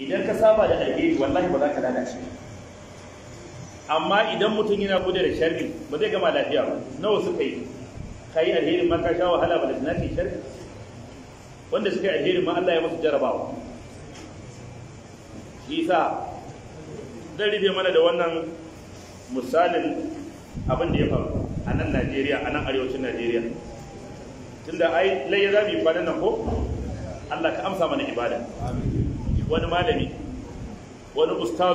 idan ka saba da alheri wallahi ba za ka lalace amma idan mutum yana gudu da sharri ba zai gama lafiya ba nawa suka yi ka yi alherin ma ka sha wahala ba da tunafi sharri wanda suka yi alherin ma Allah ya musu jarabawa shi sa zan rufe mana da wannan misalin abin da ya faru a nan Najeriya a nan arewacin Najeriya tunda ai lai za mu yi kwanan nan ko Allah ka amsa mana ibada amin wani malami wani ustaz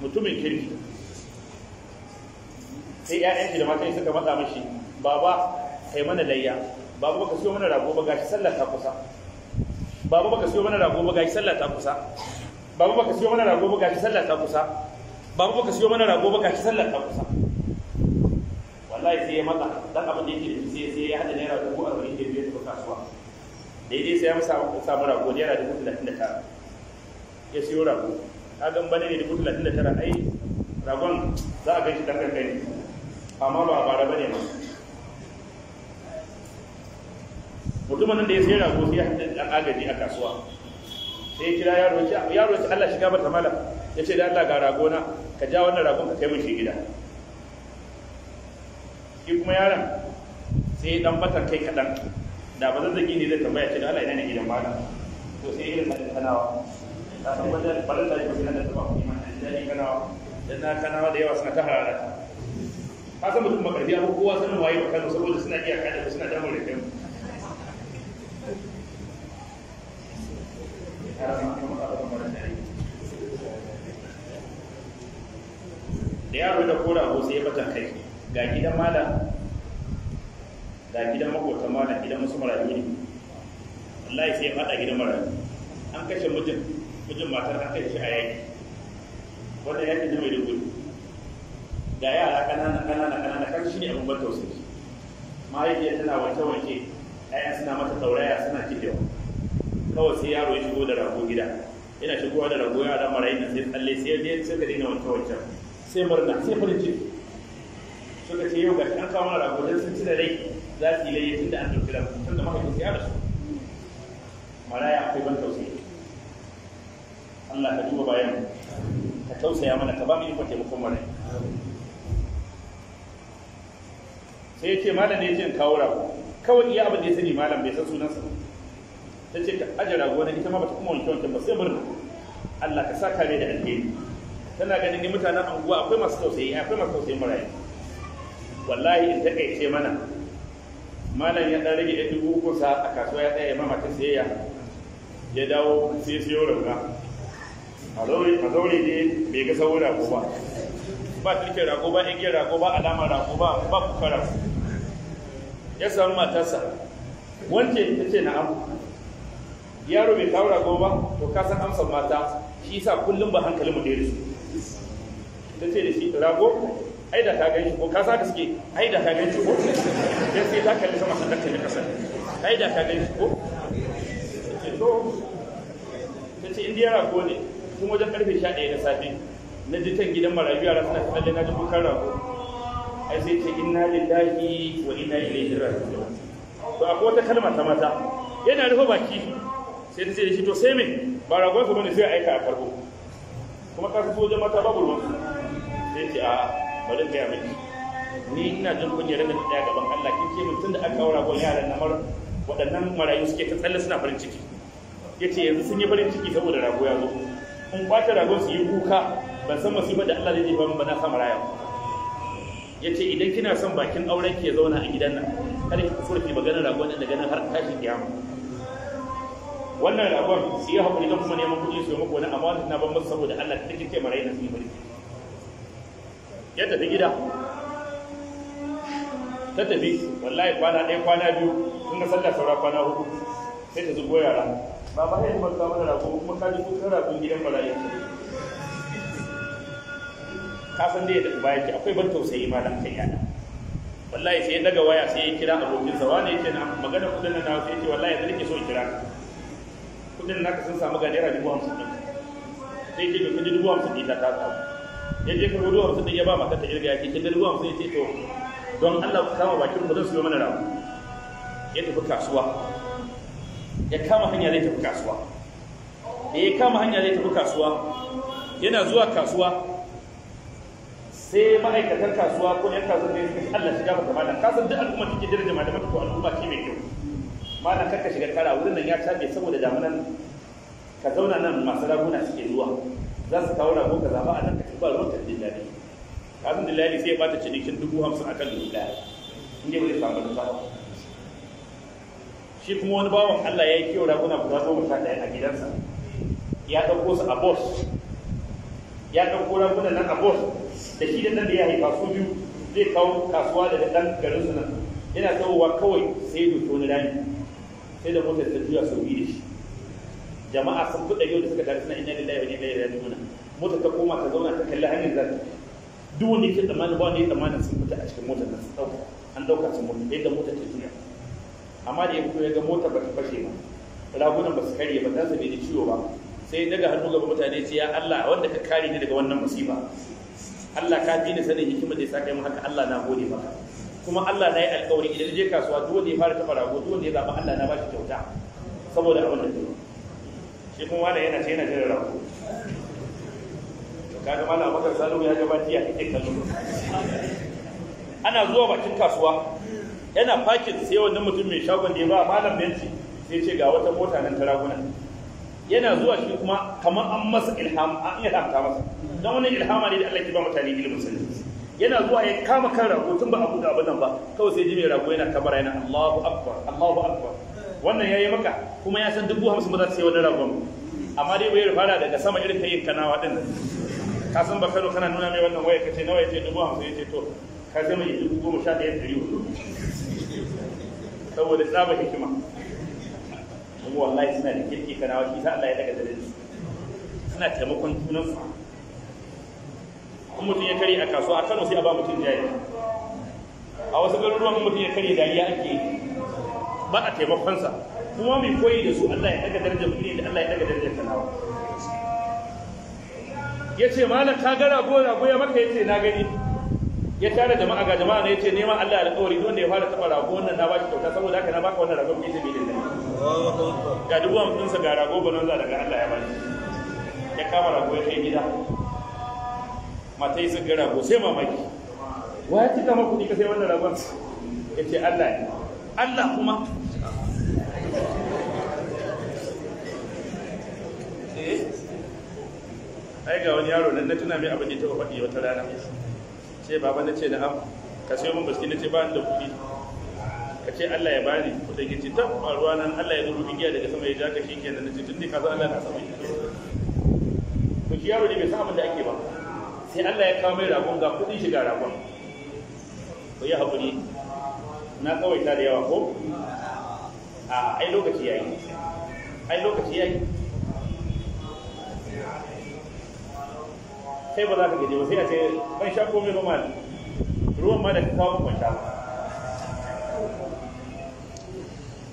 mutumin kirki sai ƴaƴan shi da matan suka matsa mashi baba kai mana layya baba baka siyo mana rago ba gashi sallah ta kusa baba baka siyo mana rago ba gashi sallah ta kusa baba baka siyo mana rago ba gashi sallah ta kusa baba baka siyo mana rago ba gashi sallah ta kusa wallahi sai ya matsa dan abin da yake da sai sai ya hada naira dubu arba'in da biyar da kasuwa daidai sai ya samu rago naira dubu da tara ya siyo rago ta gan bane ne dubu talatin da tara ai ragon za a kai shi dangar kai amma ba a bara bane ma mutumin nan da ya siyo rago sai ya haɗa ɗan agaji a kasuwa sai ya kira yaro ya yaro ya Allah shiga mata malam ya ce da Allah ga na, ka ja wannan ragon ka kai mun shi gida shi kuma yaron sai dan batar kai kaɗan da ba zazzagi ne zai tambaya ce da Allah ina ne gidan malam to sai irin sanin sanawa wajen faɗin da yake da taɓa kuma da yake kana da na kana da yawa suna ta harara ka san mutum makarfi abu kowa sanin waye ba kano saboda suna iya kada suna da mure kan da yaro da kora ko sai ya kai ga ga musu ne sai an kashe mutum mutum matar an kai shi a yaki wanda yaki ne mai da gudu ga yara ƙanana ƙanana ƙanana kan shi ne abin ban tausayi mahaifiyar tana wanke wanke ayan suna mata tauraya suna kidewa kawai sai yaro ya shigo da rago gida yana shigowa da rago yara marayi na sai tsalle sai yadda sai ka daina wanke wanke sai murna sai farin ciki suka ce yau ga an kawo mana rago don sun ci da rai za su yi tun da an ɗauki rago tun da mahaifin sai ya rasu maraya akwai ban tausayi Allah ka duba bayan ka tausaya mana ka ba mu ikon taimakon mu rai sai ya ce malam ne ya ce kawo rago kawai iya abin da ya sani malam bai san sunansa ba ta ce ka aje rago na ita ma bata kuma wanke wanke ba sai murna Allah ka sa kare da alheri tana ganin ni mutanen anguwa akwai masu tausayi akwai masu tausayi marayu wallahi in ta kaice mana malam ya dan rage dubu uku sa a kasuwa ya tsaye mama ta siyayya ya dawo sai siyo rauka a zaune ne bai ga sauran rago ba ba tilkin rago ba igiyar rago ba alamar rago ba ba kuka rago ya samu matarsa wance ta ce na na'am yaro bai kawo rago ba to ka san amsar mata shi sa kullum ba hankalin mu da yarisu ta ce da shi rago ai da ta gan shi ko ka sa ka suke ai da ta gan shi ko dan sai ta kalli sama sannan ta ne kasar ai da ta gan shi ko ta ce to ta ce indiya rago ne tun wajen karfe sha ɗaya na safe na ji tan gidan marayu yara suna tsalle na ji kukan rago ai sai ce inna lillahi wa inna ilaihi raji'un to akwai wata kalma ta mata yana rufe baki sai ta ce shi to sai me ba ragon ku bane sai aika a karbo kuma ka fito wajen mata babu ruwan sai ce a bari gaya yi ni ina jin kunya da ɗaya gaban Allah kin ce mun tunda aka kawo ragon yaran na mara waɗannan marayu suke ta tsalle suna farin ciki yace yanzu sun yi farin ciki saboda rago ya zo in kwace ragon su yi kuka ban san ba da Allah zai jefa min ba na sama raya ya ce idan kina son bakin auren ke ya zauna a gidan nan kada ki ki magana ragon da ganin har tashin kiyama wannan ragon su yi haƙuri don kuma neman kuɗi su yi makona, amma wata na ban musu saboda Allah ta take marayi na su yi mulki ya tafi gida ta tafi wallahi kwana ɗaya kwana biyu sun ga sallah saura kwana hudu sai ta zubo yara Baba, ma yin baka mana rago kuma ka ji kuka rago gidan marayu ka san dai da uba yake akwai ban tausayi ma dan kai yana wallahi sai daga waya sai ya kira abokin sa wani yake na magana kudin nan sai yake wallahi yanzu ke so in kira kudin naka sun samu ga naira dubu hamsin ɗin, sai yake bai dubu hamsin din ta samu ya je karbo dubu hamsin din ya ba matar ta irga yake kin dubu hamsin ya ce to don Allah ku kama bakin ku zan siyo mana rago ya tafi kasuwa ya kama hanya zai tafi kasuwa da ya kama hanya zai tafi kasuwa yana zuwa kasuwa sai ma'aikatar kasuwa ko yan kasuwa ne suka ce Allah shiga ba malam ka san duk al'umma take jama'a da ko al'umma ce mai kyau malam karka shiga kara wurin nan ya tabe saboda damunan ka zauna nan masu raguna suke zuwa za su kawo rago ka zaba a nan ka tuba ruwan tarjin daɗi kafin da lalai sai ya bata cinikin dubu hamsin akan dubu ɗaya inda ba zai samu da shi kuma wani bawan Allah ya yi kiyo raguna guda goma sha ɗaya a gidansa ya ɗauko su a bos ya ɗauko raguna nan a bos da shi da ɗan da ya haifa su biyu zai kawo kasuwa da ɗan garin su nan yana tsawowa kawai sai da wani rani sai da motar ta juya sau biyu da shi jama'a sun kuɗa yau da suka na suna inna lillahi wa inna ilaihi raji'un motar ta koma ta zauna ta kalli hanyar zata duk wanda yake tsammanin ba wanda ya tsammanin sun fita a cikin motar nan sun ɗauka an ɗauka sun mutu yadda motar ta juya amma da ya fito ya ga mota ba ta fashe ba ragunan ba su karye ba ta zabe da ciwo ba sai daga hannu gaba mutane ce ya Allah wanda ka kare ni daga wannan musiba Allah ka fi ni sanin hikimar da ya saka mu haka Allah na gode maka kuma Allah na yi alƙawari idan je kasuwa duk wanda ya fara taɓa rago duk wanda ya zaba Allah na ba shi kyauta saboda abin da zai shi kuma wanda yana ce yana jira rago kaga malam Abubakar Salihu ya gabata ya kike kallo ana zuwa bakin kasuwa yana fakin sai wani mutum mai shagon da ya ba malam benci sai ce ga wata mota nan ta raguna yana zuwa shi kuma kamar an masa ilham an ilhamta masa don wani ilhama ne da Allah ke ba mutane ilimin sun yana zuwa ya kama kan rago tun ba a da Abudan ba kawai sai ji mai rago yana kamar yana Allahu akbar Allahu akbar wannan yayi maka kuma ya san dubu hamsin ba za ta sai wani ragon amma dai bai fara daga sama irin kai kanawa din ka san ba kano kana nuna mai wannan waya kace nawa yace dubu hamsin yace to ka zama mai dubu goma sha ɗaya ɗari hudu saboda tsaba hikima kuma wallahi suna da kirki kanawa shi sa Allah ya daga da su suna taimakon junan su kuma mutum ya kare a kasuwa a Kano sai a ba mutum jari a wasu garuruwan mutum ya kare dariya ake ba a taimakon sa kuma mai koyi da su Allah ya daga darajar mutum da Allah ya daga darajar kanawa ya ce malam gara gora goya maka ya ce na gani ya tare jama'a ga jama'a ne ya ce neman Allah ya alƙawari don da ya fara taɓa rago wannan na baki kyauta saboda haka na baka wannan rago bisa bilin da ga dubu hamsin sa ga rago bananza daga Allah ya bani ya kama rago ya kai gida matai sun ga rago sai mamaki wa ya cika ma kuɗi ka sai wannan ragon ya ce Allah ya Allah kuma eh? ai ga wani yaro nan na tuna mai abin da ta faɗi wata rana sai baba na ce na'am ka sayo min biski na ce ba ni da kuɗi ka ce Allah ya bani kuɗin ya ci ta faruwa nan Allah ya zuru igiya daga sama ya ja ka shi kenan na ce tun da ka san Allah na sama ya to shi yaro ne bai san abin da ake ba sai Allah ya kawo mai ragon ga kuɗin shiga ragon ko ya haƙuri na ta da yawa ko a ai lokaci yayi ai lokaci yayi sai ba za ka gaji ba sai a ce ban sha komai ba ma ruwan ma da ka kawo ban sha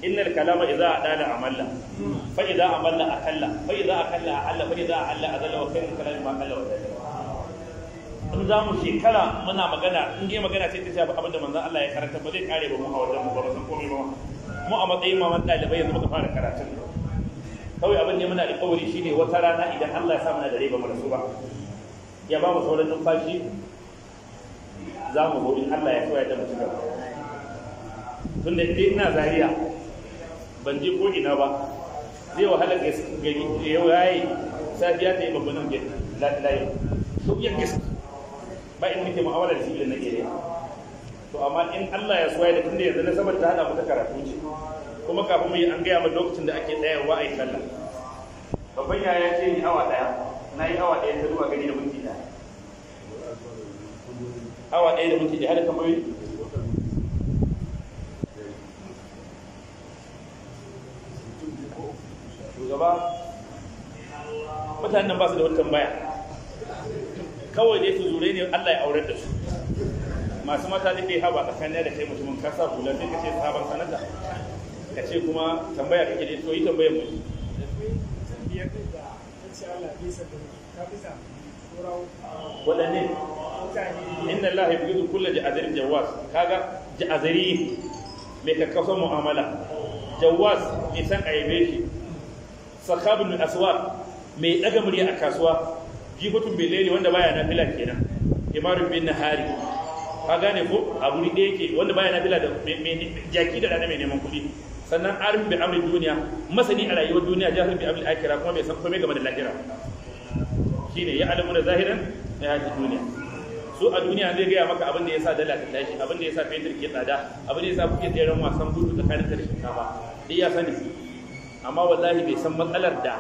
innal kalama idza adala amalla fa idza amalla akalla fa idza akalla alla fa idza alla azalla wa khairul kalam ma alla wa in za mu shekara muna magana in ga magana sai ta shafi abinda manzon Allah ya karanta ba zai kare ba mu a wajen mu ba san komai ba mu a matsayin da bai yanzu muka fara karatun kawai abin ne muna da kawari shine wata rana idan Allah ya sa mana da rai ba mu rasu ba ya ba mu sauran numfashi za mu zo in Allah ya so ya da mutu da tun da ina zariya ban je ko ina ba zai wahala ga yau yi safiya ta yi babban gani layi to iya gaske ba in muke ma'awar da shi na gere to amma in Allah ya so ya da tunda yanzu na saboda ta hada mata karatu ce kuma kafin mu yi an gaya ma lokacin da ake tsayawa a yi sallah babban yaya ce ni awa daya na yi awa ɗaya ta zuwa gari da minti ɗaya awa ɗaya da minti ɗaya da tambayoyi shugaba mutanen nan ba su da wata tambaya kawai dai su zure ne Allah ya aurar da su masu mata da ke haba tsakanin da kai mutumin kasa hular ne ka ce sabon sanata ka ce kuma tambaya kake dai to yi tambayar mu waɗanne inna Allah ya bugizu kulle ja'azirin jawas kaga ja'aziri mai kakkafa mu'amala jawas mai san aibe shi sakhabun Aswar mai daga murya a kasuwa jifatun bil layli wanda baya na fila kenan imarun bin nahari ka gane ko a guri da yake wanda baya nafila da jaki da rana mai neman kuɗi sannan arim bi amri duniya masani a rayuwar duniya jahil bi amri akira kuma bai san komai game da lahira shine ya alamu da zahiran na yaki duniya su a duniya zai gaya maka abin da ya sa dala ta tashi abin da ya sa fetur ke tsada abin da ya sa kuke tseren wasan gudu tsakanin ta da shinkafa duk ya sani amma wallahi bai san matsalar da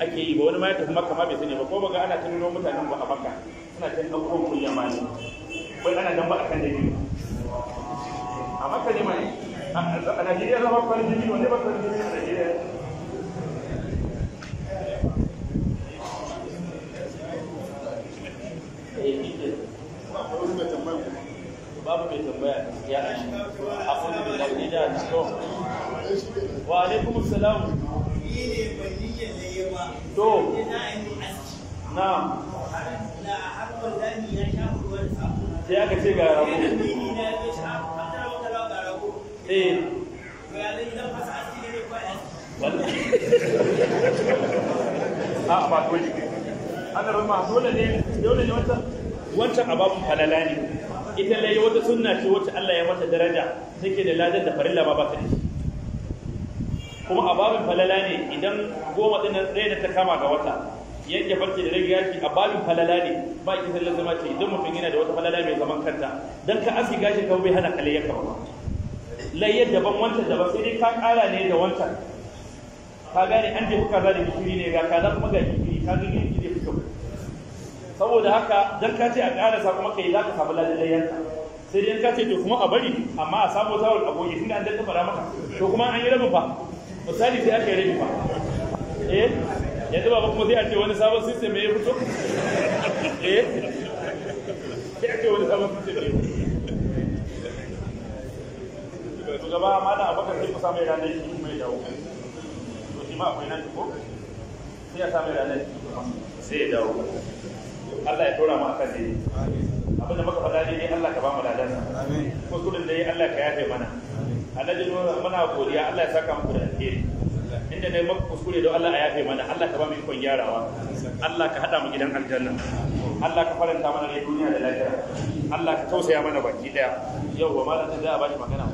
ake yi ba wani ma ya tafi makka ma bai sani ba ko ba ga ana tuno mutanen ba a makka suna can ɗauko kullum ma ne wai ana dan ba a kan da ne a makka ne ma ne a Najeriya zama farin jini wanda jini a Najeriya tambaya ya to salam to na har da har ya sha ruwan sai aka ce ga rabu a ne wancan ababun falala ne ita lai wata sunna ce wacce Allah ya mata daraja take da ladan da farilla ma ba ta kuma a babin falala ne idan goma ɗin ɗaya da ta kama ga wata yanke farce da rage gashi a babin falala ne ba ki sallar zama ce idan mutum yana da wata falala mai zaman kanta dan ka aski gashi kawai bai hana kale ya layyar daban wancan daban sai dai ka kara ne da wancan ka gane an jefa kaza da gishiri ne ga kaza kuma ga gishiri ka ga gishiri da fito saboda haka dan ka ce a ƙara sa kuma kai za ka samu ladan layyarka sai dai ka ce to kuma a bari amma a samu tawar aboki tunda an danta fara maka to kuma an yi rabin fa misali sai aka yi rabin fa eh yanzu ba kuma sai a ce wani sabon system ya fito eh sai a ce wani sabon system ya fito to gaba mana abakar sai ku samu ya ranar shi kuma dawo to shi ma akwai nan ko sai ya samu ranar shi sai ya dawo Allah ya dora mu akan dai abin da muka faɗa dai Allah ka ba mu ladan sa kuskuren dai Allah ka yafe mana annabi muna godiya Allah ya saka muku da alheri inda ne maka kuskure don Allah a yafe mana Allah ka ba mu ikon gyarawa Allah ka hada mu gidan aljanna Allah ka faranta mana rai duniya da lafiya Allah ka tausaya mana baki daya yau ba ma da ta a ba magana